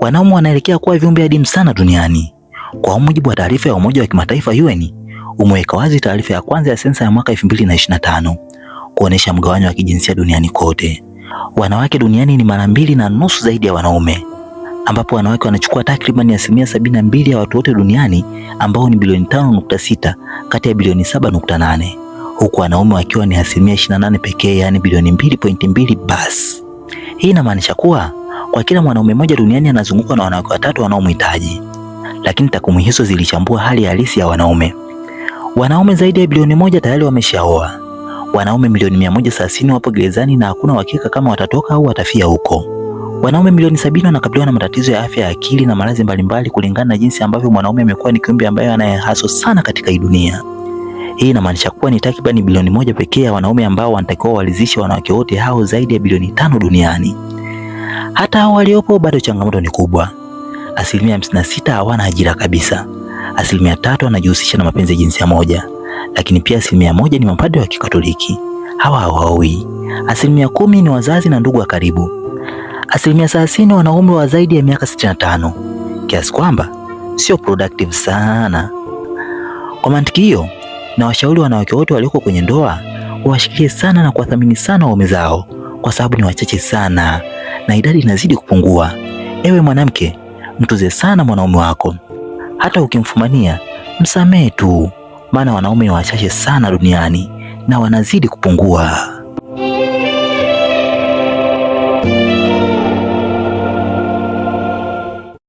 Wanaume wanaelekea kuwa viumbe adimu sana duniani. Kwa mujibu wa taarifa ya Umoja wa Kimataifa UN, umeweka wazi taarifa ya kwanza ya sensa ya mwaka 2025 kuonesha mgawanyo wa kijinsia duniani kote. Wanawake duniani ni mara mbili na nusu zaidi ya wanaume, ambapo wanawake wanachukua takriban asilimia sabini na mbili ya watu wote duniani ambao ni bilioni 5.6 kati ya bilioni 7.8 huku wanaume wakiwa ni asilimia 28 pekee, yaani bilioni 2.2 basi. Hii inamaanisha kuwa kwa kila mwanaume mmoja duniani anazungukwa na wanawake watatu wanaomhitaji, lakini takwimu hizo zilichambua hali halisi ya wanaume. Wanaume zaidi ya bilioni moja tayari wameshaoa. Wanaume milioni mia moja wapo gerezani na hakuna uhakika kama watatoka au watafia huko. Wanaume milioni sabini wanakabiliwa na matatizo ya afya ya akili na maradhi mbalimbali, kulingana na jinsi ambavyo mwanaume amekuwa ni kiumbe ambaye anayehaswa sana katika hii dunia. Hii inamaanisha kuwa ni takriban bilioni moja pekee ya wanaume ambao wanatakiwa walizishe wanawake wote hao zaidi ya bilioni tano duniani. Hata hao waliopo bado changamoto ni kubwa. Asilimia hamsini sita hawana ajira kabisa, asilimia tatu wanajihusisha na mapenzi ya jinsia moja, lakini pia asilimia moja ni mapadre wa Kikatoliki, hawa hawaoi. Asilimia kumi ni wazazi na ndugu wa karibu, asilimia thelathini wana umri wa zaidi ya miaka 65, kiasi kwamba sio productive sana. Kwa mantiki hiyo, na wanawake wote walioko kwenye ndoa wawashikilie sana na kuwathamini sana waume zao, kwa sababu ni wachache sana na idadi inazidi kupungua. Ewe mwanamke, mtuze sana mwanaume wako, hata ukimfumania msamehe tu, maana wanaume ni wachache sana duniani na wanazidi kupungua.